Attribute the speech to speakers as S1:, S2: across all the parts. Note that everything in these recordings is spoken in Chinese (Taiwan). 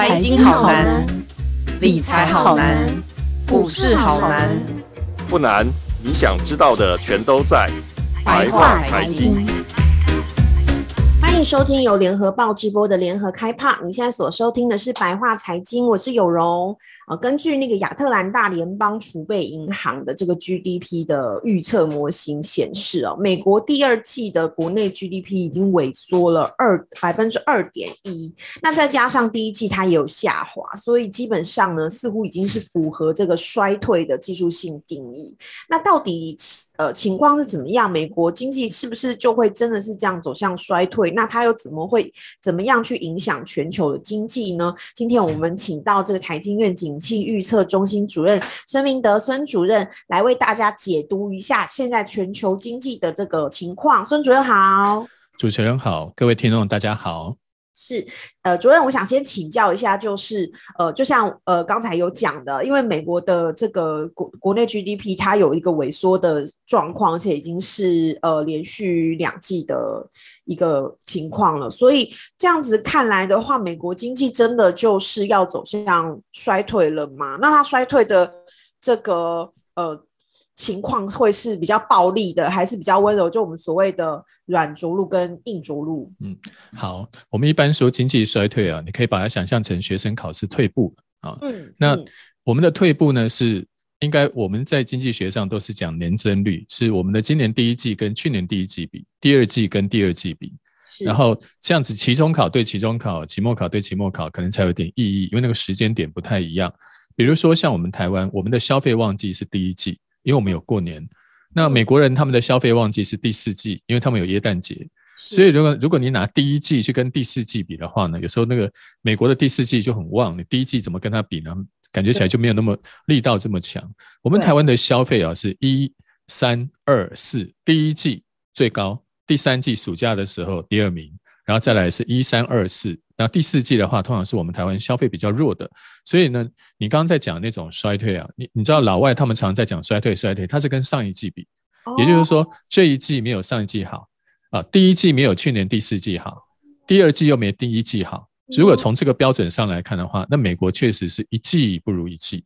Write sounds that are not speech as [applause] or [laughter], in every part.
S1: 財經好難，理財好難，股市好難。
S2: 不難，你想知道的全都在白話財經。
S1: 歡迎收聽由聯合報直播的聯合開趴，你現在所收聽的是白話財經，我是有容。啊、哦，根據那個亞特蘭大聯邦儲備銀行的這個 GDP 的預測模型顯示，哦，美國第二季的國內 GDP 已經萎縮了二百分之二點一，那再加上第一季它也有下滑，所以基本上呢，似乎已經是符合這個衰退的技術性定義。那到底呃情況是怎麼樣？美國經濟是不是就會真的是這樣走向衰退？那它又怎麼會怎麼樣去影響全球的經濟呢？今天我們請到這個台經院景氣預測中心主任孫明德，孫主任來為大家解讀一下現在全球經濟的這個情況。孫主任好。
S2: 主持人好，各位聽眾大家好。
S1: 是，呃，主任，我想先請教一下，就是，呃，就像呃剛才有講的，因為美國的這個國國內 GDP 它有一個萎縮的狀況，而且已經是呃連續兩季的一個情況了，所以這樣子看來的話，美國經濟真的就是要走向衰退了嗎？那它衰退的這個呃。情況會是比較暴力的，還是比較溫柔？就我們所謂的軟着陸跟硬着陸。嗯，
S2: 好，我們一般說經濟衰退啊，你可以把它想象成學生考試退步啊。嗯。那嗯我們的退步呢，是應該我們在經濟學上都是講年增率，是我們的今年第一季跟去年第一季比，第二季跟第二季比。是。然後這樣子，期中考對期中考，期末考對期末考，可能才有點意義，因為那個時間點不太一樣。嗯。比如說像我們台灣，我們的消費旺季是第一季。因為我們有過年，那美國人他們的消費旺季是第四季，因為他們有耶誕節，所以如果如果你拿第一季去跟第四季比的話呢，有時候那個美國的第四季就很旺，你第一季怎麼跟他比呢？感覺起來就沒有那麼力道這麼強。我們台灣的消費啊是一三二四，第一季最高，第三季暑假的時候第二名。然後再來是一三二四，然後第四季的話，通常是我們台灣消費比較弱的。所以呢，你剛剛在講那種衰退啊，你你知道老外他們常在講衰退衰退，它是跟上一季比，也就是說這一季沒有上一季好啊，第一季沒有去年第四季好，第二季又沒第一季好。如果從這個標準上來看的話，那美國確實是一季不如一季。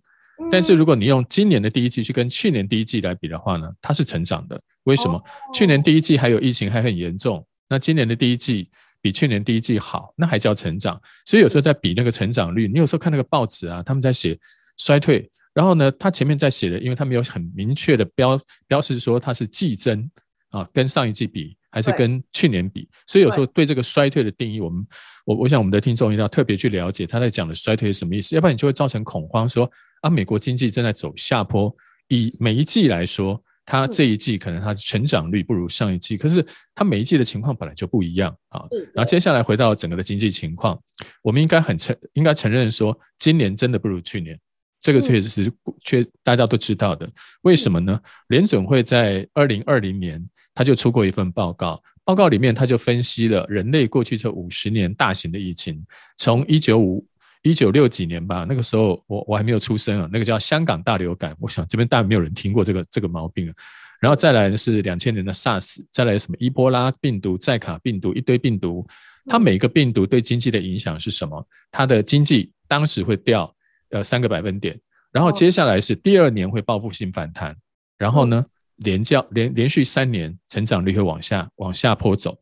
S2: 但是如果你用今年的第一季去跟去年第一季來比的話呢，它是成長的。為什麼？去年第一季還有疫情還很嚴重，那今年的第一季，比去年第一季好，那還叫成長？所以有時候在比那個成長率，嗯、你有時候看那個報紙啊，他們在寫衰退。然後呢，他前面在寫的，因為他沒有很明確的標標示說它是季增，啊，跟上一季比還是跟去年比。所以有時候對這個衰退的定義我、嗯，我們我我想我們的聽眾一定要特別去了解，他在講的衰退是什麼意思，要不然你就會造成恐慌說，說啊，美國經濟正在走下坡，以每一季來說。他這一季可能他成長率不如上一季，可是他每一季的情況本來就不一樣啊。然後接下來回到整個的經濟情況，我們應該很承應該承認說，今年真的不如去年，這個確實是確大家都知道的。為什麼呢？聯準會在二零二零年他就出過一份報告，報告裡面他就分析了人類過去這五十年大型的疫情，從一九五。一九六幾年吧，那個時候我我還沒有出生啊。那個叫香港大流感，我想這邊大概沒有人聽過這個這個毛病了。然後再來是兩千年的 SARS，再來什麼伊波拉病毒、寨卡病毒，一堆病毒。它每個病毒對經濟的影響是什麼？它的經濟當時會掉呃三個百分點，然後接下來是第二年會報復性反彈，哦，然後呢，連叫連連續三年成長率會往下往下坡走。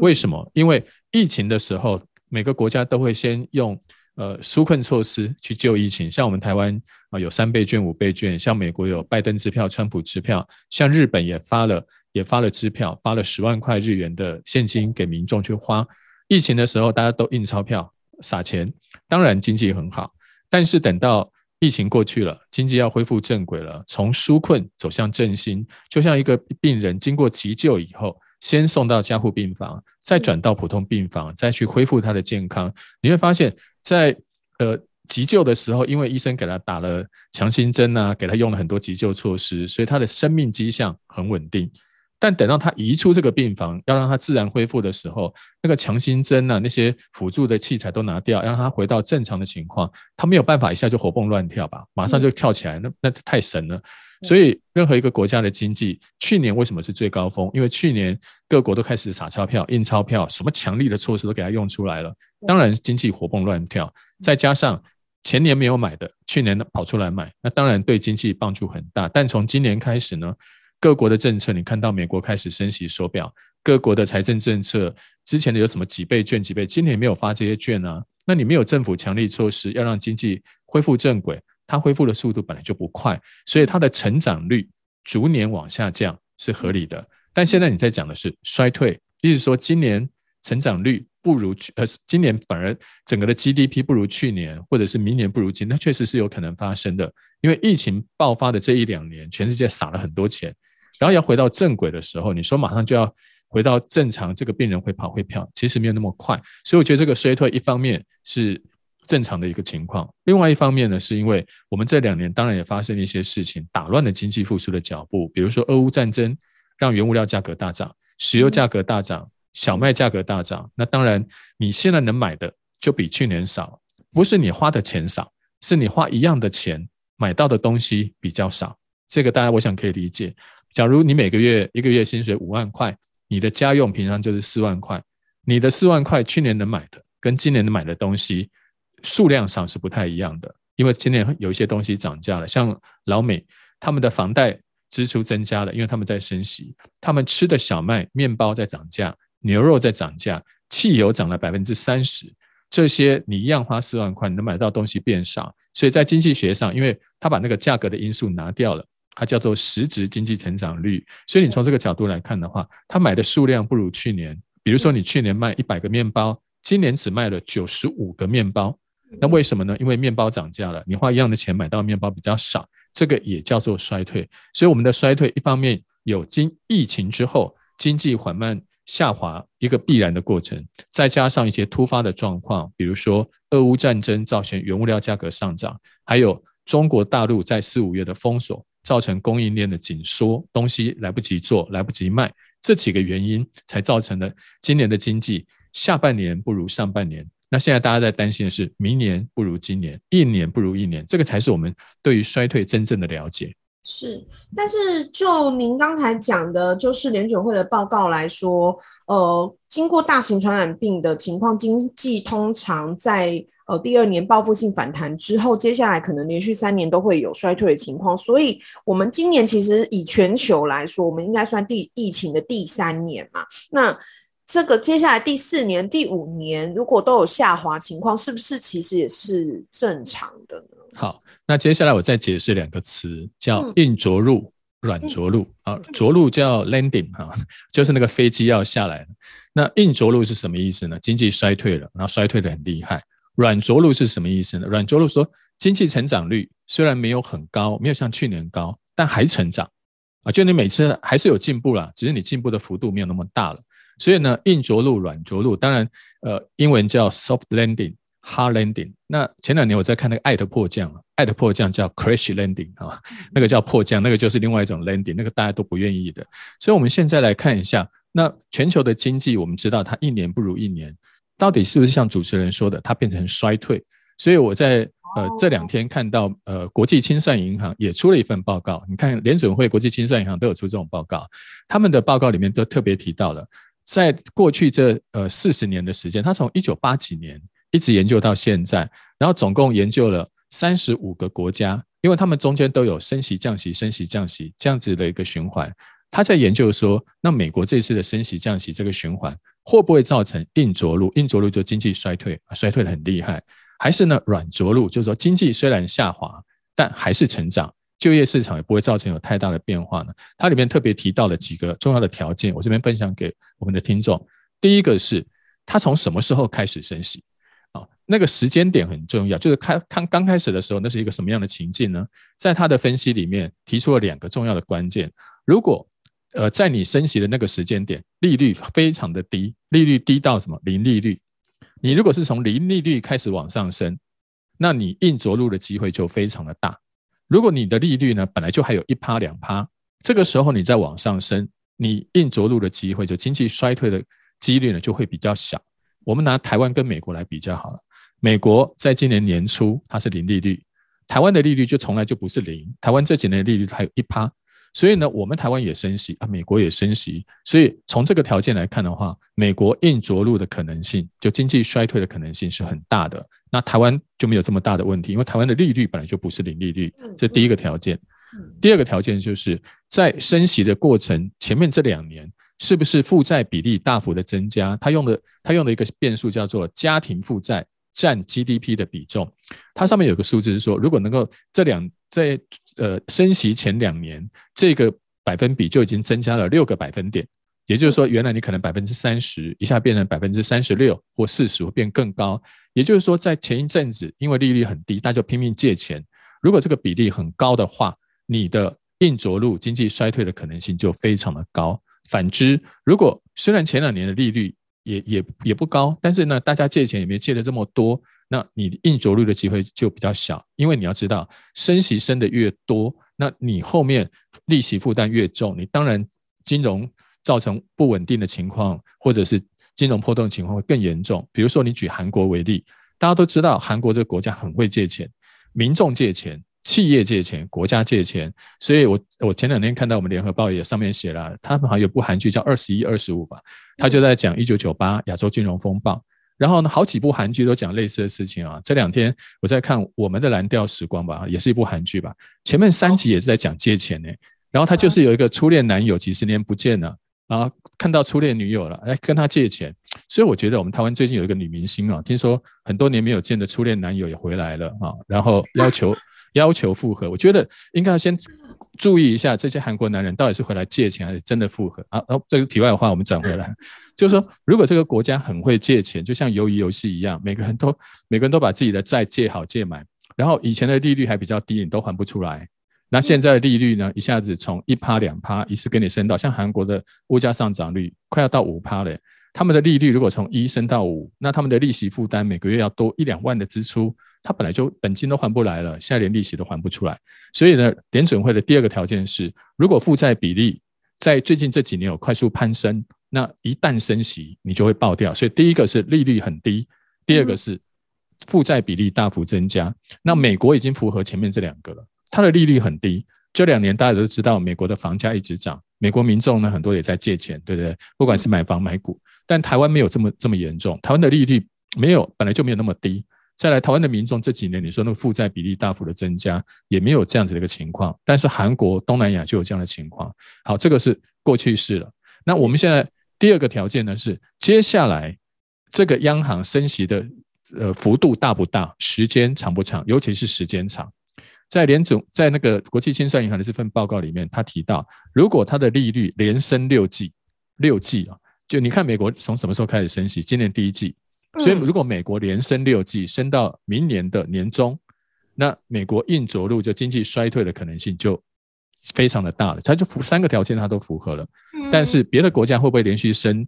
S2: 為什麼？因為疫情的時候，每個國家都會先用。呃，紓困措施去救疫情，像我們台灣啊，有三倍券、五倍券；像美國有拜登支票、川普支票；像日本也發了，也發了支票，發了十萬塊日元的現金給民眾去花。疫情的時候，大家都印鈔票撒錢，當然經濟很好。但是等到疫情過去了，經濟要恢復正軌了，從紓困走向振興，就像一個病人經過急救以後，先送到加護病房，再轉到普通病房，再去恢復他的健康，你會發現。在呃急救的時候，因為醫生給他打了強心針啊，給他用了很多急救措施，所以他的生命跡象很穩定。但等到他移出這個病房，要讓他自然恢復的時候，那個強心針啊，那些輔助的器材都拿掉，讓他回到正常的情況，他沒有辦法一下就活蹦亂跳吧？馬上就跳起來，嗯、那那太神了。所以，任何一個國家的經濟去年為什麼是最高峰？因為去年各國都開始撒鈔票、印鈔票，什麼強力的措施都給它用出來了，當然經濟活蹦亂跳。再加上前年沒有買的，去年跑出來買，那當然對經濟幫助很大。但從今年開始呢，各國的政策，你看到美國開始升息縮表，各國的財政政策，之前的有什麼幾倍券、幾倍，今年沒有發這些券啊？那你沒有政府強力措施，要讓經濟恢復正軌。它恢復的速度本來就不快，所以它的成長率逐年往下降是合理的。但現在你在講的是衰退，意思說今年成長率不如去，呃，今年反而整個的 GDP 不如去年，或者是明年不如今，那確實是有可能發生的。因為疫情爆發的這一兩年，全世界撒了很多錢，然後要回到正軌的時候，你說馬上就要回到正常，這個病人會跑會跳，其實沒有那麼快。所以我覺得這個衰退一方面是，正常的一個情況。另外一方面呢，是因為我們這兩年當然也發生了一些事情，打亂了經濟復甦的腳步。比如說，俄烏戰爭讓原物料價格大漲，石油價格大漲，小麥價格大漲。那當然，你現在能買的就比去年少，不是你花的錢少，是你花一樣的錢買到的東西比較少。這個大家我想可以理解。假如你每個月一個月薪水五萬塊，你的家用平常就是四萬塊，你的四萬塊去年能買的跟今年能買的東西。數量上是不太一樣的，因為今年有一些東西漲價了，像老美他們的房貸支出增加了，因為他們在升息，他們吃的小麥、麵包在漲價，牛肉在漲價，汽油漲了百分之三十，這些你一樣花四萬塊，你能買到東西變少，所以在經濟學上，因為他把那個價格的因素拿掉了，它叫做實質經濟成長率。所以你從這個角度來看的話，他買的數量不如去年，比如說你去年賣一百個麵包，今年只賣了九十五個麵包。那為什麼呢？因為麵包漲價了，你花一樣的錢買到麵包比較少，這個也叫做衰退。所以我們的衰退一方面有經疫情之後經濟緩慢下滑一個必然的過程，再加上一些突發的狀況，比如說俄烏戰爭造成原物料價格上漲，還有中國大陸在四五月的封鎖造成供應鏈的緊縮，東西來不及做，來不及賣，這幾個原因才造成了今年的經濟下半年不如上半年。那現在大家在擔心的是，明年不如今年，一年不如一年，這個才是我們對於衰退真正的了解。
S1: 是，但是就您剛才講的，就是聯準會的報告來說，呃，經過大型傳染病的情況，經濟通常在呃第二年報復性反彈之後，接下來可能連續三年都會有衰退的情況。所以，我們今年其實以全球來說，我們應該算第疫情的第三年嘛？那。這個接下來第四年、第五年，如果都有下滑情況，是不是其實也是正常的
S2: 呢？好，那接下來我再解釋兩個詞，叫硬着陸、嗯、軟着陸。啊，着陸叫 landing 啊，就是那個飛機要下來。那硬着陸是什麼意思呢？經濟衰退了，然後衰退得很厲害。軟着陸是什麼意思呢？軟着陸說，經濟成長率雖然沒有很高，沒有像去年高，但還成長啊，就你每次還是有進步啦，只是你進步的幅度沒有那麼大了。所以呢，硬着陸、軟着陸，當然，呃，英文叫 soft landing、hard landing。那前兩年我在看那個愛的迫降啊，愛的迫降叫 crash landing 啊，那個叫迫降，那個就是另外一種 landing，那個大家都不願意的。所以我們現在來看一下，那全球的經濟，我們知道它一年不如一年，到底是不是像主持人說的，它變成衰退？所以我在呃、oh. 這兩天看到，呃，國際清算銀行也出了一份報告，你看聯準會、國際清算銀行都有出這種報告，他們的報告裡面都特別提到了。在過去這呃四十年的時間，他從一九八幾年一直研究到現在，然後總共研究了三十五個國家，因為他們中間都有升息降息升息降息這樣子的一個循環。他在研究說，那美國這次的升息降息這個循環，會不會造成硬着陸？硬着陸就經濟衰退，衰退得很厲害，還是呢軟着陸？就是說經濟雖然下滑，但還是成長。就業市場也不會造成有太大的變化呢。它裡面特別提到了幾個重要的條件，我這邊分享給我們的聽眾。第一個是它從什麼時候開始升息啊、哦，那個時間點很重要，就是開剛剛開始的時候，那是一個什麼樣的情境呢？在他的分析裡面提出了兩個重要的關鍵。如果呃在你升息的那個時間點，利率非常的低，利率低到什麼？零利率。你如果是從零利率開始往上升，那你硬着陸的機會就非常的大。如果你的利率呢，本來就還有一趴兩趴，這個時候你再往上升，你硬着陸的機會就經濟衰退的幾率呢就會比較小。我們拿台灣跟美國來比較好了，美國在今年年初它是零利率，台灣的利率就從來就不是零，台灣這幾年的利率還有一趴。所以呢，我們台灣也升息啊，美國也升息，所以從這個條件來看的話，美國硬着陸的可能性，就經濟衰退的可能性是很大的。那台灣就沒有這麼大的問題，因為台灣的利率本來就不是零利率，這第一個條件。嗯嗯。第二個條件就是在升息的過程前面這兩年，是不是負債比例大幅的增加？他用的他用的一個變數叫做家庭負債佔 GDP 的比重，它上面有個數字是說，如果能夠這兩。在呃升息前兩年，這個百分比就已經增加了六個百分點。也就是說，原來你可能百分之三十，一下變成百分之三十六或四十五，變更高。也就是說，在前一陣子，因為利率很低，大家就拼命借錢。如果這個比例很高的話，你的硬着陸、經濟衰退的可能性就非常的高。反之，如果雖然前兩年的利率也也也不高，但是呢，大家借錢也沒借的這麼多。那你硬着陸的機會就比較小，因為你要知道，升息升得越多，那你後面利息負擔越重，你當然金融造成不穩定的情況，或者是金融破洞的情況會更嚴重。比如說，你舉韓國為例，大家都知道韓國這個國家很會借錢，民眾借錢、企業借錢、國家借錢，所以，我我前兩天看到我們聯合報也上面寫了，他們好像有部韓劇叫《二十一二十五》吧，他就在講一九九八亞洲金融風暴。然後呢，好幾部韓劇都講類似的事情啊。這兩天我在看《我們的藍調時光》吧，也是一部韓劇吧。前面三集也是在講借錢呢、欸。然後他就是有一個初戀男友，幾十年不見了，啊，看到初戀女友了，哎，跟他借錢。所以我覺得我們台灣最近有一個女明星啊，聽說很多年沒有見的初戀男友也回來了啊，然後要求 [laughs] 要求復合。我覺得應該要先。注意一下，這些韓國男人到底是回來借錢，還是真的復合？啊，然、哦、後這個題外的話，我們轉回來， [laughs] 就是說，如果這個國家很會借錢，就像魷魚遊戲一樣，每個人都每個人都把自己的債借好借滿，然後以前的利率還比較低，你都還不出來，那現在的利率呢，一下子從一趴兩趴，一次跟你升到像韓國的物價上漲率快要到五趴了，他們的利率如果從一升到五，那他們的利息負擔每個月要多一兩萬的支出。他本來就本金都還不來了，現在連利息都還不出來。所以呢，聯準會的第二個條件是，如果負債比例在最近這幾年有快速攀升，那一旦升息，你就會爆掉。所以第一個是利率很低，第二個是負債比例大幅增加。嗯。那美國已經符合前面這兩個了，它的利率很低。這兩年大家都知道，美國的房價一直漲，美國民眾呢很多也在借錢，對不對？不管是買房買股，但台灣沒有這麼這麼嚴重。台灣的利率沒有本來就沒有那麼低。再來，台灣的民眾這幾年你說那個負債比例大幅的增加，也沒有這樣子的一個情況。但是韓國、東南亞就有這樣的情況。好，這個是過去式了。那我們現在第二個條件呢是，接下來這個央行升息的呃幅度大不大，時間長不長，尤其是時間長。在聯總在那個國際清算銀行的這份報告裡面，他提到，如果它的利率連升六季，六季啊，就你看美國從什麼時候開始升息？今年第一季。所以，如果美國連升六季升到明年的年中，那美國硬着陸就經濟衰退的可能性就非常的大了。它就符，三個條件，它都符合了。但是，別的國家會不會連續升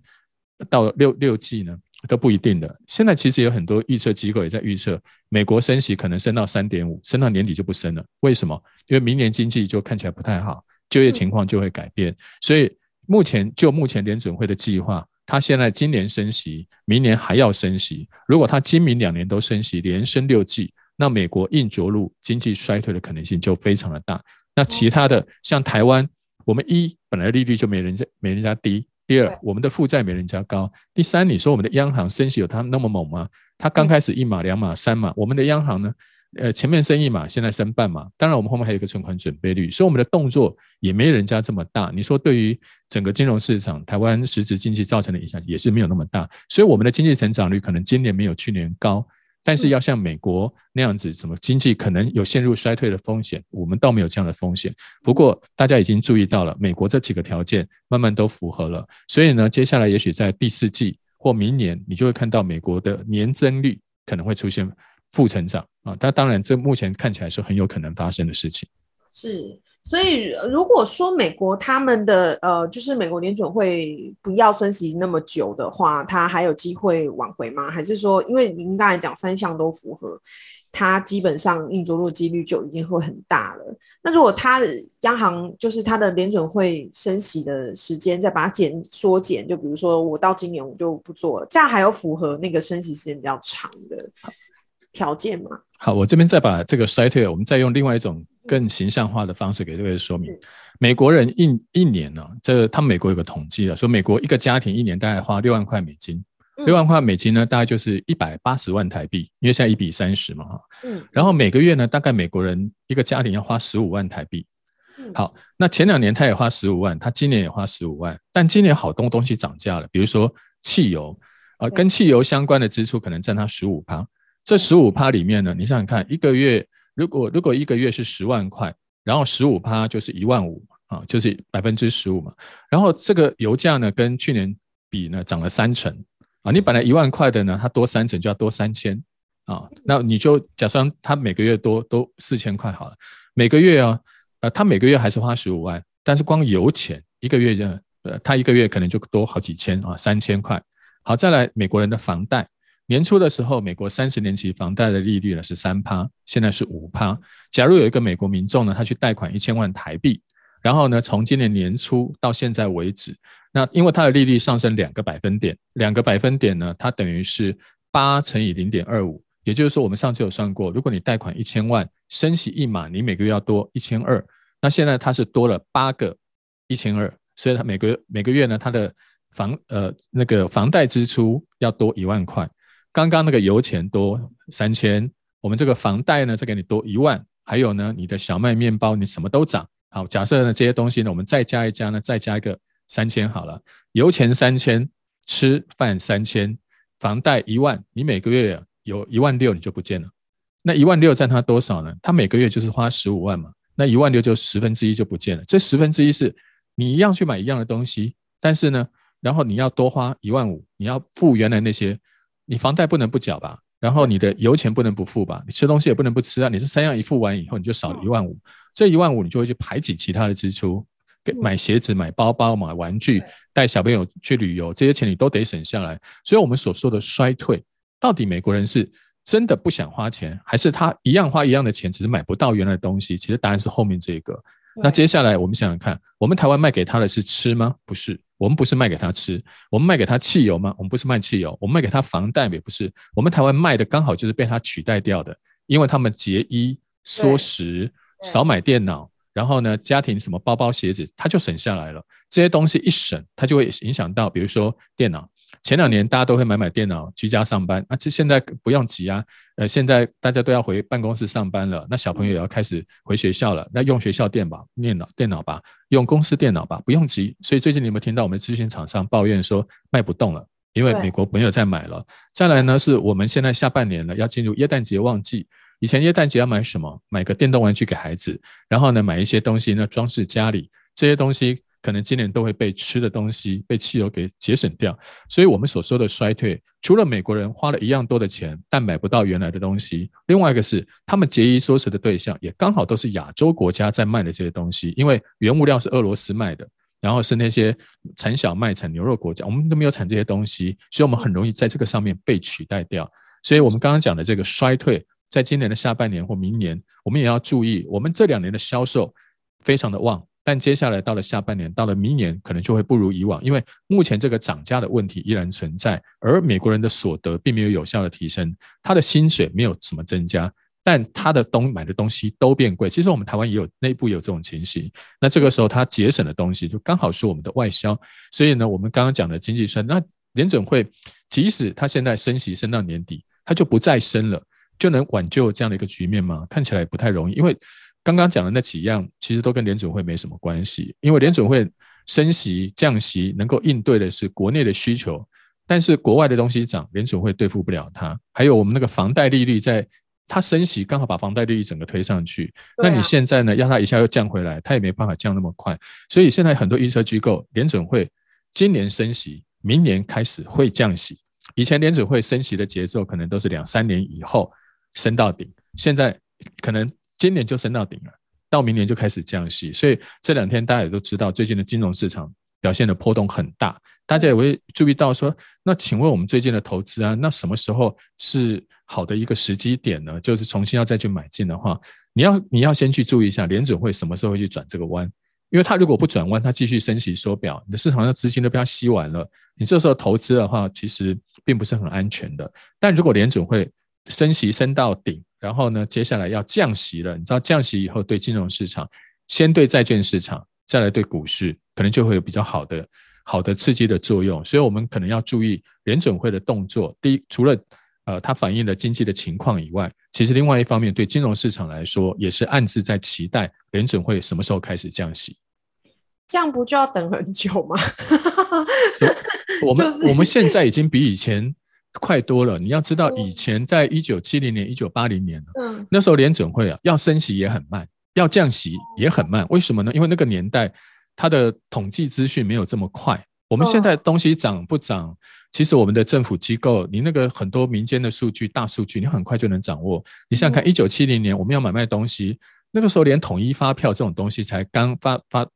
S2: 到六六季呢？都不一定的。現在其實有很多預測機構也在預測，美國升息可能升到三點五，升到年底就不升了。為什麼？因為明年經濟就看起來不太好，就業情況就會改變。所以，目前就目前聯準會的計劃。他現在今年升息，明年還要升息。如果他今明兩年都升息，連升六季，那美國硬着陸、經濟衰退的可能性就非常的大。那其他的像台灣，我們一本來利率就沒人家、沒人家低；第二，我們的負債沒人家高；第三，你說我們的央行升息有他那麼猛嗎？他剛開始一碼、兩碼、三碼，我們的央行呢？呃，前面升息嘛，現在升半嘛，當然我們後面還有一個存款準備率，所以我們的動作也沒人家這麼大。你說對於整個金融市場、台灣實質經濟造成的影響也是沒有那麼大，所以我們的經濟成長率可能今年沒有去年高，但是要像美國那樣子，什麼經濟可能有陷入衰退的風險，我們倒沒有這樣的風險。不過大家已經注意到了，美國這幾個條件慢慢都符合了，所以呢，接下來也許在第四季或明年，你就會看到美國的年增率可能會出現。副成長啊，但當然，這目前看起來是很有可能發生的事情。
S1: 是，所以如果說美國他們的呃，就是美國聯準會不要升息那麼久的話，它還有機會挽回嗎？還是說，因為您剛才講三項都符合，它基本上硬著陸幾率就已經會很大了。那如果它央行就是它的聯準會升息的時間再把它減縮減，就比如說我到今年我就不做了，這樣還有符合那個升息時間比較長的。條件
S2: 嘛，好，我這邊再把這個衰退，我們再用另外一種更形象化的方式給各位說明、嗯。美國人一一年呢、啊，這他們美國有個統計啊，說美國一個家庭一年大概花六萬塊美金，六、嗯、萬塊美金呢，大概就是一百八十萬台幣，因為現在一比三十嘛、嗯，然後每個月呢，大概美國人一個家庭要花十五萬台幣、嗯。好，那前兩年他也花十五萬，他今年也花十五萬，但今年好多東西漲價了，比如說汽油啊、呃，跟汽油相關的支出可能佔他十五趴。這十五趴裡面呢，你想想看一個月，如果如果一個月是十萬塊，然後十五趴就是一萬五嘛，啊，就是百分之十五嘛。然後這個油價呢，跟去年比呢漲了三成，啊，你本來一萬塊的呢，它多三成就要多三千，啊，那你就假算它每個月多多四千塊好了，每個月啊，呃，他每個月還是花十五萬，但是光油錢一個月就，呃，他一個月可能就多好幾千啊，三千塊。好，再來美國人的房貸。年初的時候，美國三十年期房貸的利率呢是三趴，現在是五趴。假如有一個美國民眾呢，他去貸款一千萬台幣，然後呢，從今年年初到現在為止，那因為它的利率上升兩個百分點，兩個百分點呢，它等於是八乘以零點二五，也就是說，我們上次有算過，如果你貸款一千萬，升息一碼，你每個月要多一千二。那現在它是多了八個一千二，所以它每個每個月呢，它的房呃那個房貸支出要多一萬塊。剛剛那個油錢多三千，我們這個房貸呢再給你多一萬，還有呢你的小麥麵包你什麼都漲。好，假設呢這些東西呢我們再加一加呢，再加一個三千好了，油錢三千，吃飯三千，房貸一萬，你每個月有一萬六你就不見了。那一萬六占他多少呢？他每個月就是花十五萬嘛，那一萬六就十分之一就不見了。這十分之一是你一樣去買一樣的東西，但是呢，然後你要多花一萬五，你要付原來那些。你房貸不能不繳吧，然後你的油錢不能不付吧，你吃東西也不能不吃啊。你是三樣一付完以後，你就少了一萬五，這一萬五你就會去排擠其他的支出，給買鞋子、買包包、買玩具、帶小朋友去旅遊，這些錢你都得省下來。所以，我們所說的衰退，到底美國人是真的不想花錢，還是他一樣花一樣的錢，只是買不到原來的東西？其實答案是後面這一個。那接下來我們想想看，我們台灣賣給他的是吃嗎？不是。我們不是賣給他吃，我們賣給他汽油嗎？我們不是賣汽油，我們賣給他房貸也不是。我們台灣賣的剛好就是被他取代掉的，因為他們節衣縮食，少買電腦，然後呢，家庭什麼包包鞋子他就省下來了，這些東西一省，他就會影響到，比如說電腦。前兩年大家都會買買電腦，居家上班，啊，這現在不用急啊，呃，現在大家都要回辦公室上班了，那小朋友也要開始回學校了，那用學校電腦、電腦電腦吧，用公司電腦吧，不用急。所以最近你有沒有聽到我們資訊廠商抱怨說賣不動了？因為美國沒有再買了。再來呢，是我們現在下半年了，要進入耶誕節旺季。以前耶誕節要買什麼？買個電動玩具給孩子，然後呢，買一些東西呢裝飾家裡，這些東西。可能今年都會被吃的東西、被汽油給節省掉，所以，我們所說的衰退，除了美國人花了一樣多的錢，但買不到原來的東西，另外一個是，他們節衣縮食的對象，也剛好都是亞洲國家在賣的這些東西，因為原物料是俄羅斯賣的，然後是那些產小麥、產牛肉國家，我們都沒有產這些東西，所以我們很容易在這個上面被取代掉。所以，我們剛剛講的這個衰退，在今年的下半年或明年，我們也要注意，我們這兩年的銷售非常的旺。但接下來到了下半年，到了明年，可能就會不如以往，因為目前這個漲價的問題依然存在，而美國人的所得並沒有有效的提升，他的薪水沒有什麼增加，但他的東買的東西都變貴。其實我們台灣也有內部也有這種情形，那這個時候他節省的東西就剛好是我們的外銷，所以呢，我們剛剛講的經濟衰退，那聯準會即使他現在升息升到年底，他就不再升了，就能挽救這樣的一個局面嗎？看起來不太容易，因為。剛剛講的那幾樣其實都跟聯準會沒什麼關係，因為聯準會升息降息能夠應對的是國內的需求，但是國外的東西漲，聯準會對付不了它。還有我們那個房貸利率在它升息，剛好把房貸利率整個推上去，
S1: 那你現
S2: 在呢，要它一下又降回來，它也沒辦法降那麼快。所以現在很多預測機構，聯準會今年升息，明年開始會降息。以前聯準會升息的節奏可能都是兩三年以後升到頂，現在可能。今年就升到頂了，到明年就開始降息，所以這兩天大家也都知道，最近的金融市場表現的波動很大。大家也會注意到說，說那請問我們最近的投資啊，那什麼時候是好的一個時機點呢？就是重新要再去買進的話，你要你要先去注意一下聯準會什麼時候會去轉這個彎，因為他如果不轉彎，他繼續升息縮表，你的市場上資金都被他吸完了，你這時候投資的話，其實並不是很安全的。但如果聯準會升息升到頂，然後呢，接下來要降息了。你知道降息以後，對金融市場，先對債券市場，再來對股市，可能就會有比較好的、好的刺激的作用。所以，我們可能要注意聯準會的動作。第一，除了呃，它反映了經濟的情況以外，其實另外一方面，對金融市場來說，也是暗自在期待聯準會什麼時候開始降息。
S1: 這樣不就要等很久嗎？ [laughs] [laughs] 所
S2: 以我們、就是、我們現在已經比以前。快多了。你要知道，以前在一九七零年、一九八零年、嗯、那時候聯準會啊，要升息也很慢，要降息也很慢。為什麼呢？因為那個年代，它的統計資訊沒有這麼快。我們現在東西漲不漲、嗯，其實我們的政府機構，你那個很多民間的數據、大數據，你很快就能掌握。你想想看，一九七零年我們要買賣東西、嗯，那個時候連統一發票這種東西才剛發發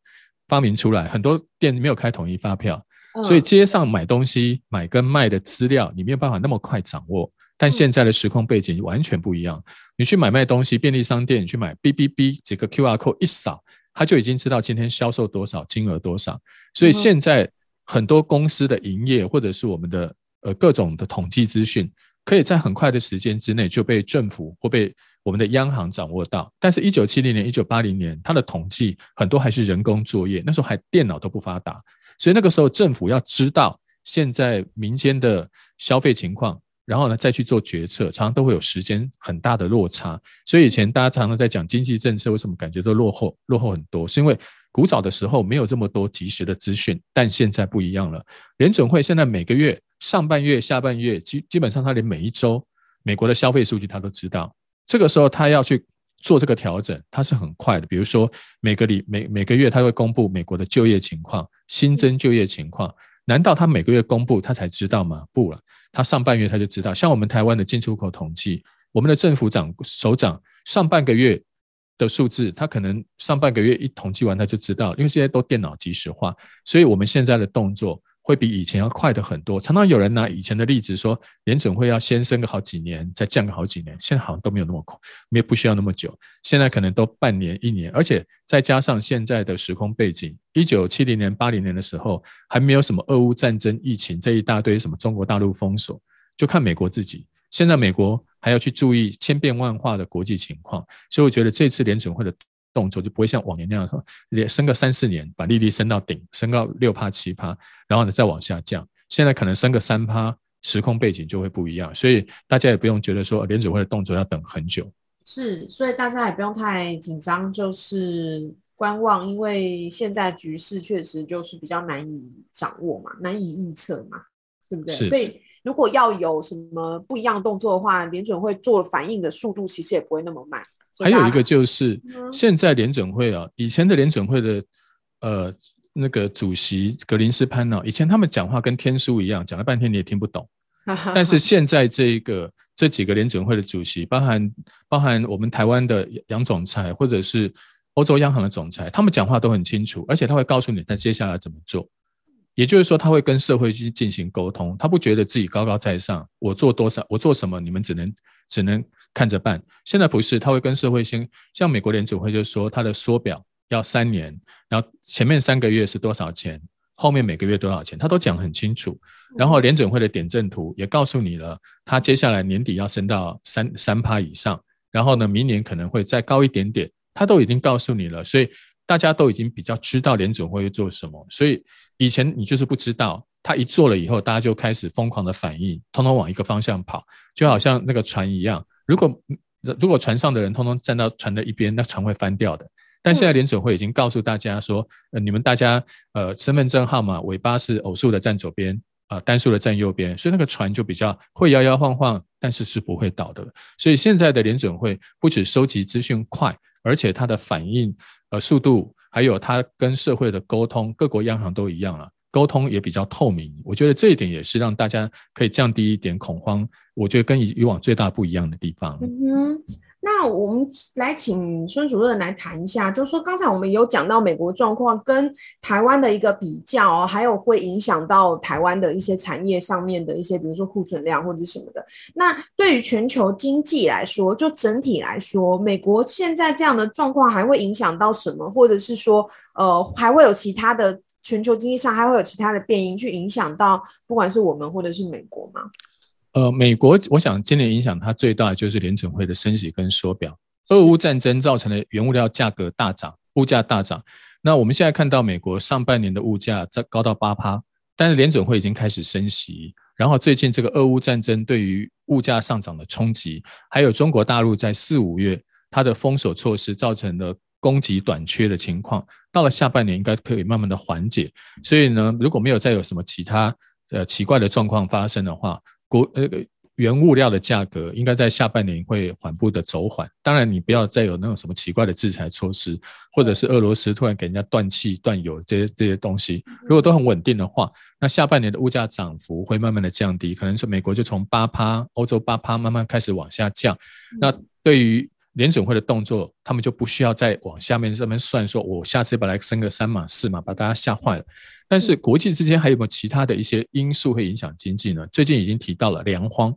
S2: 發明出來，很多店沒有開統一發票。所以，街上買東西、買跟賣的資料，你沒有辦法那麼快掌握。但現在的時空背景完全不一樣，嗯、你去買賣東西，便利商店你去買 B B B 這個 Q R code 一掃，他就已經知道今天銷售多少、金額多少。所以現在很多公司的營業，或者是我們的呃各種的統計資訊，可以在很快的時間之內就被政府或被我們的央行掌握到。但是，一九七零年、一九八零年，他的統計很多還是人工作業，那時候還電腦都不發達。所以那個時候，政府要知道現在民間的消費情況，然後呢再去做決策，常常都會有時間很大的落差。所以以前大家常常在講經濟政策，為什麼感覺都落後，落後很多？是因為古早的時候沒有這麼多及時的資訊，但現在不一樣了。聯準會現在每個月上半月、下半月，基基本上他連每一周美國的消費數據他都知道。這個時候他要去。做這個調整，它是很快的。比如說每禮每，每個禮每每個月，他會公布美國的就業情況、新增就業情況。難道他每個月公布，他才知道嗎？不了，他上半月他就知道。像我們台灣的進出口統計，我們的政府長首長上半個月的數字，他可能上半個月一統計完他就知道，因為現在都電腦即時化，所以我們現在的動作。會比以前要快得很多。常常有人拿以前的例子說，聯準會要先升個好幾年，再降個好幾年，現在好像都沒有那麼快，也不需要那麼久。現在可能都半年、一年，而且再加上現在的時空背景，一九七零年、八零年的時候還沒有什麼俄烏戰爭、疫情這一大堆，什麼中國大陸封鎖，就看美國自己。現在美國還要去注意千變萬化的國際情況，所以我覺得這次聯準會的。動作就不會像往年那樣說，連升個三四年，把利率升到頂，升到六趴七趴，然後呢，再往下降。現在可能升個三趴，時空背景就會不一樣，所以大家也不用覺得說聯準會的動作要等很久。
S1: 是，所以大家也不用太緊張，就是觀望，因為現在局勢確實就是比較難以掌握嘛，難以預測嘛，對不對？是是，所以如果要有什麼不一樣的動作的話，聯準會做反應的速度其實也不會那麼慢。還有一個就
S2: 是，現在聯準會啊，以前的聯準會的，呃，那個主席格林斯潘啊，以前他們講話跟天書一樣，講了半天你也聽不懂。但是現在這個這幾個聯準會的主席，包含包含我們台灣的楊總裁，或者是歐洲央行的總裁，他們講話都很清楚，而且他會告訴你在接下來怎麼做。也就是說，他會跟社會去進行溝通，他不覺得自己高高在上，我做多少，我做什麼，你們只能只能。看着辦，現在不是，他會跟社會先像美國聯準會就說，他的縮表要三年，然後前面三個月是多少錢，後面每個月多少錢，他都講很清楚。然後聯準會的點陣圖也告訴你了，他接下來年底要升到三三趴以上，然後呢，明年可能會再高一點點，他都已經告訴你了，所以大家都已經比較知道聯準會會做什麼。所以以前你就是不知道，他一做了以後，大家就開始瘋狂的反應，通通往一個方向跑，就好像那個船一樣。如果，如果船上的人通通站到船的一邊，那船會翻掉的。但現在聯準會已經告訴大家說、嗯，呃，你們大家呃身份證號碼尾巴是偶數的站左邊，啊、呃，單數的站右邊，所以那個船就比較會搖搖晃晃，但是是不會倒的。所以現在的聯準會不只收集資訊快，而且它的反應呃速度，還有它跟社會的溝通，各國央行都一樣了。溝通也比較透明，我覺得這一點也是讓大家可以降低一點恐慌。我覺得跟以以往最大不一樣的地方。嗯
S1: 哼，那我們來請孫主任來談一下，就是說剛才我們有講到美國狀況跟台灣的一個比較，還有會影響到台灣的一些產業上面的一些，比如說庫存量或者什麼的。那對於全球經濟來說，就整體來說，美國現在這樣的狀況還會影響到什麼？或者是說，呃，還會有其他的？全球經濟上還會有其他的變因去影響到，不管是我們或者是
S2: 美國嗎？呃，美國，我想今年影響它最大的就是聯準會的升息跟縮表。俄烏戰爭造成的原物料價格大漲，物價大漲。那我們現在看到美國上半年的物價在高到八趴，但是聯準會已經開始升息。然後最近這個俄烏戰爭對於物價上漲的衝擊，還有中國大陸在四五月它的封鎖措施造成的。供給短缺的情況，到了下半年應該可以慢慢的緩解。所以呢，如果沒有再有什麼其他呃奇怪的狀況發生的話，國呃原物料的價格應該在下半年會緩步的走緩。當然，你不要再有那種什麼奇怪的制裁措施，或者是俄羅斯突然給人家斷氣斷油這些這些東西，如果都很穩定的話，那下半年的物價漲幅會慢慢的降低，可能是美國就從八趴，歐洲八趴慢慢開始往下降。那對於聯準會的動作，他們就不需要再往下面這邊算說，說我下次把來升個三碼四碼，把大家嚇壞了。但是國際之間還有沒有其他的一些因素會影響經濟呢？最近已經提到了糧荒，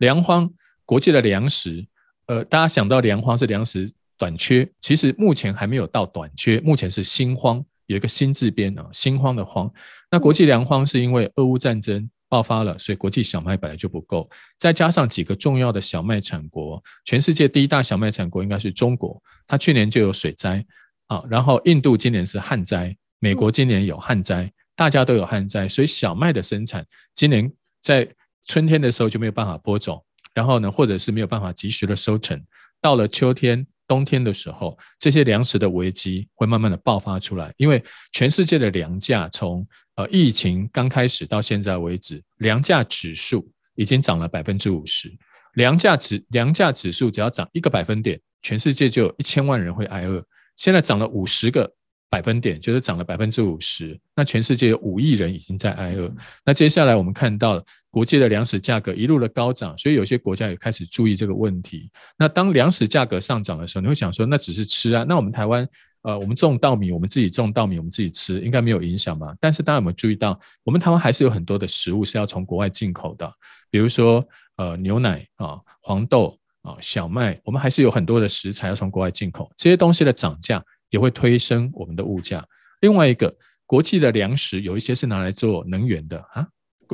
S2: 糧荒，國際的糧食，呃，大家想到糧荒是糧食短缺，其實目前還沒有到短缺，目前是心慌，有一個心字邊啊，心慌的慌。那國際糧荒是因為俄烏戰爭。爆發了，所以國際小麥本來就不夠，再加上幾個重要的小麥產國，全世界第一大小麥產國應該是中國，它去年就有水災啊，然後印度今年是旱災，美國今年有旱災，大家都有旱災，所以小麥的生產今年在春天的時候就沒有辦法播種，然後呢，或者是沒有辦法及時的收成，到了秋天、冬天的時候，這些糧食的危機會慢慢的爆發出來，因為全世界的糧價從疫情剛開始到現在為止，糧價指數已經漲了百分之五十。糧價指糧價指數只要漲一個百分點，全世界就有一千萬人會挨餓。現在漲了五十個百分點，就是漲了百分之五十。那全世界有五億人已經在挨餓。嗯。那接下來我們看到國際的糧食價格一路的高漲，所以有些國家也開始注意這個問題。那當糧食價格上漲的時候，你會想說，那只是吃啊？那我們台灣？呃，我們種稻米，我們自己種稻米，我們自己吃，應該沒有影響吧。但是大家有沒有注意到，我們台灣還是有很多的食物是要從國外進口的，比如說呃牛奶啊、呃、黃豆啊、呃、小麥，我們還是有很多的食材要從國外進口。這些東西的漲價也會推升我們的物價。另外一個，國際的糧食有一些是拿來做能源的啊。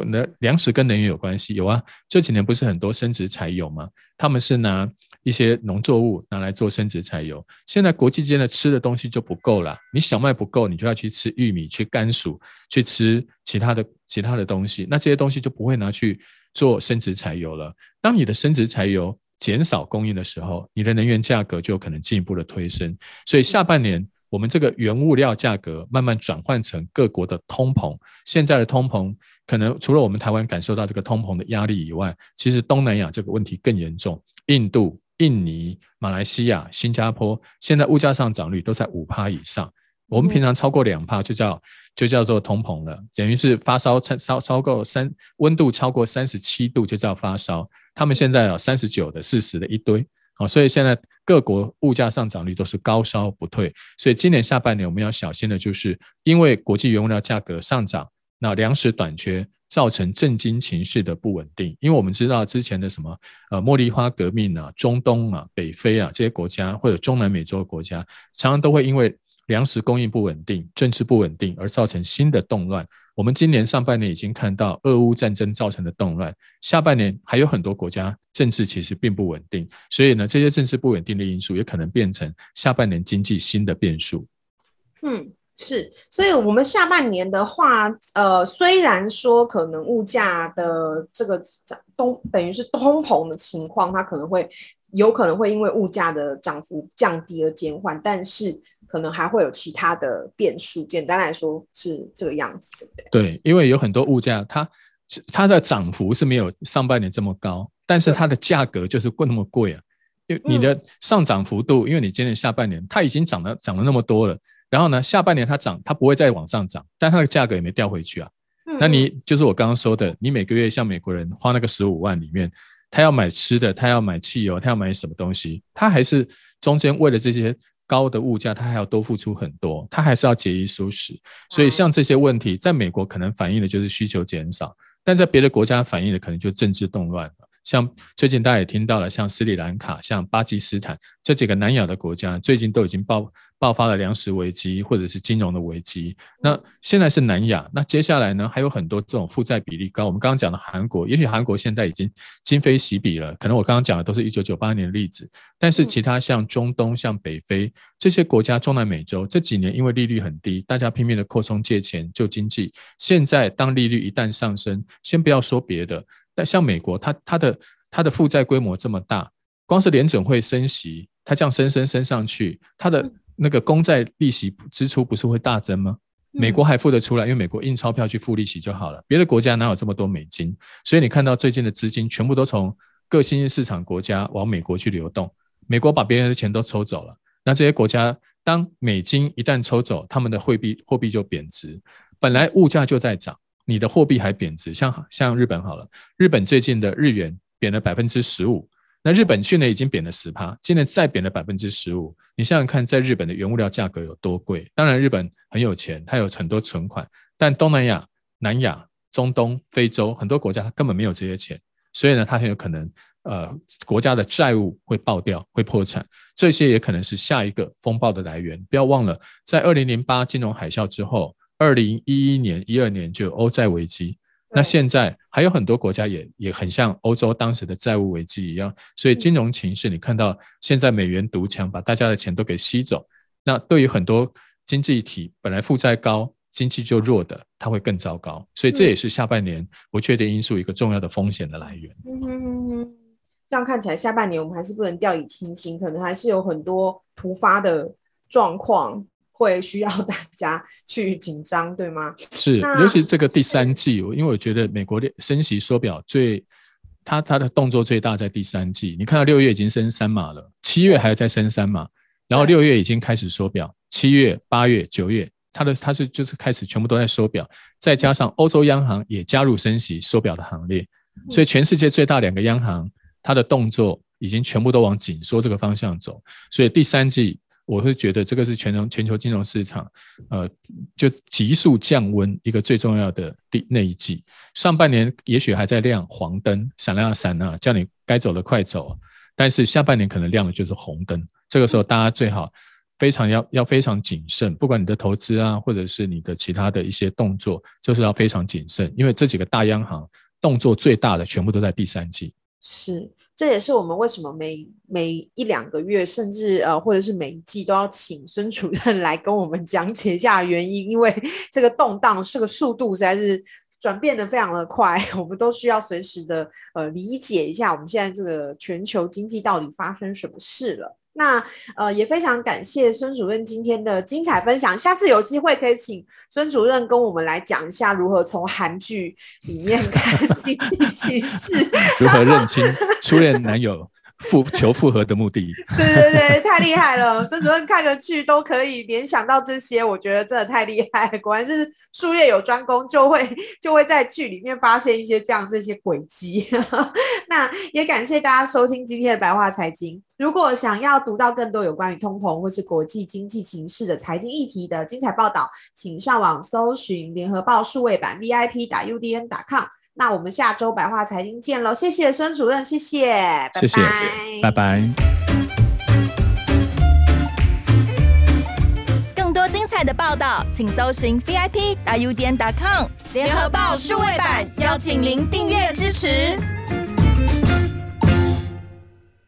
S2: 那糧食跟能源有關係，有啊。這幾年不是很多生質柴油嗎？他們是拿一些農作物拿來做生質柴油。現在國際間的吃的東西就不夠了，你小麥不夠，你就要去吃玉米、去甘薯、去吃其他的其他的東西。那這些東西就不會拿去做生質柴油了。當你的生質柴油減少供應的時候，你的能源價格就可能進一步的推升。所以下半年。我們這個原物料價格慢慢轉換成各國的通膨，現在的通膨可能除了我們台灣感受到這個通膨的壓力以外，其實東南亞這個問題更嚴重。印度、印尼、馬來西亞、新加坡現在物價上漲率都在五趴以上，嗯，我們平常超過兩趴就叫就叫做通膨了，等於是發燒，超超超過三溫度超過三十七度就叫發燒，他們現在啊三十九的四十的一堆。好，所以現在各國物價上漲率都是高燒不退，所以今年下半年我們要小心的就是，因為國際原物料價格上漲，那糧食短缺造成政經情勢的不穩定。因為我們知道之前的什麼呃茉莉花革命啊、中東啊、北非啊這些國家，或者中南美洲國家，常常都會因為。糧食供應不穩定，政治不穩定而造成新的動亂。我們今年上半年已經看到俄烏戰爭造成的動亂，下半年還有很多國家政治其實並不穩定，所以呢，這些政治不穩定的因素也可能變成下半年經濟新的變數。
S1: 嗯，是，所以我們下半年的話，呃，雖然說可能物價的這個漲通等於是通膨的情況，它可能會有可能會因為物價的漲幅降低而減緩，但是。可能還會有其他的變數，簡單來說是這個樣
S2: 子，對不對？對，因為有很多物價，它它的漲幅是沒有上半年這麼高，但是它的價格就是過那麼貴啊。因為你的上漲幅度，嗯、因為你今年下半年它已經漲了漲了那麼多了，然後呢，下半年它漲它不會再往上漲，但它的價格也沒掉回去啊。嗯、那你就是我剛剛說的，你每個月像美國人花那個十五萬裡面，他要買吃的，他要買汽油，他要買什麼東西，他還是中間為了這些，高的物價，他還要多付出很多，他還是要節衣縮食，所以像這些問題，在美國可能反映的就是需求減少，但在別的國家反映的可能就政治動亂了。像最近大家也聽到了，像斯里蘭卡、像巴基斯坦這幾個南亞的國家，最近都已經爆爆發了糧食危機或者是金融的危機。那現在是南亞，那接下來呢，還有很多這種負債比例高。我們剛剛講的韓國，也許韓國現在已經今非昔比了。可能我剛剛講的都是一九九八年的例子，但是其他像中東、像北非這些國家，中南美洲這幾年因為利率很低，大家拼命的擴充借錢救經濟。現在當利率一旦上升，先不要說別的。但像美國，它它的它的負債規模這麼大，光是聯準會升息，它這樣升升升上去，它的那個公債利息支出不是會大增嗎？美國還付得出來，因為美國印鈔票去付利息就好了。別的國家哪有這麼多美金？所以你看到最近的資金全部都從各新興市場國家往美國去流動，美國把別人的錢都抽走了。那這些國家當美金一旦抽走，他們的貨幣貨幣就貶值，本來物價就在漲。你的貨幣還貶值，像像日本好了，日本最近的日元貶了百分之十五，那日本去年已經貶了十趴，今年再貶了百分之十五。你想想看，在日本的原物料價格有多貴？當然，日本很有錢，它有很多存款，但東南亞、南亞、中東、非洲很多國家，它根本沒有這些錢，所以呢，它很有可能呃，國家的債務會爆掉，會破產，這些也可能是下一個風暴的來源。不要忘了，在二零零八金融海嘯之後。二零一一年、一二年就有歐債危機，那現在還有很多國家也也很像歐洲當時的債務危機一樣，所以金融情勢，你看到現在美元獨強，把大家的錢都給吸走，那對於很多經濟體本來負債高、經濟就弱的，它會更糟糕，所以這也是下半年不確定因素一個重要的風險的來源。
S1: 嗯，嗯嗯嗯，這樣看起來下半年我們還是不能掉以輕心，可能還是有很多突發的狀況。會需要大家去緊張，對嗎？是，尤其
S2: 這個第三季，因為我覺得美國的升息縮表最，它它的動作最大在第三季。你看到六月已經升三碼了，七月還在升三碼，然後六月已經開始縮表，七月、八月、九月，它的它是就是開始全部都在縮表，再加上歐洲央行也加入升息縮表的行列，所以全世界最大兩個央行，它的動作已經全部都往緊縮這個方向走，所以第三季。我會覺得這個是全全球金融市場，呃，就急速降溫一個最重要的第那一季。上半年也許還在亮黃燈，閃亮閃亮、啊，叫你該走的快走。但是下半年可能亮的就是紅燈，這個時候大家最好非常要要非常謹慎，不管你的投資啊，或者是你的其他的一些動作，就是要非常謹慎，因為這幾個大央行動作最大的全部都在第三季。
S1: 是。這也是我們為什麼每每一兩個月，甚至呃，或者是每一季都要請孫主任來跟我們講解一下原因，因為這個動盪，這個速度實在是轉變得非常的快，我們都需要隨時的呃理解一下，我們現在這個全球經濟到底發生什麼事了。那呃，也非常感謝孫主任今天的精彩分享，下次有機會可以請孫主任跟我們來講一下如何從韓劇裡面看經濟情勢，如何認
S2: 清初戀男友。 [laughs] [laughs] 復求復合的目的， [laughs]
S1: 對對對，太厲害了！孫主任看個劇都可以聯想到這些，我覺得真的太厲害了，果然是術業有專攻，就會就會在劇裡面發現一些這樣這些軌跡。 [laughs] 那也感謝大家收聽今天的白話財經。如果想要讀到更多有關於通膨或是國際經濟形勢的財經議題的精彩報道，請上網搜尋聯合報數位版 VIP 打 UDN 打 com。那我們下周白話財經見嘍，謝謝孫主任，謝謝，拜
S2: 拜，謝謝，拜拜。
S1: 更多精彩的報道，請搜尋
S2: VIP.UDN.COM 聯合報數位版，邀請您訂閱支持。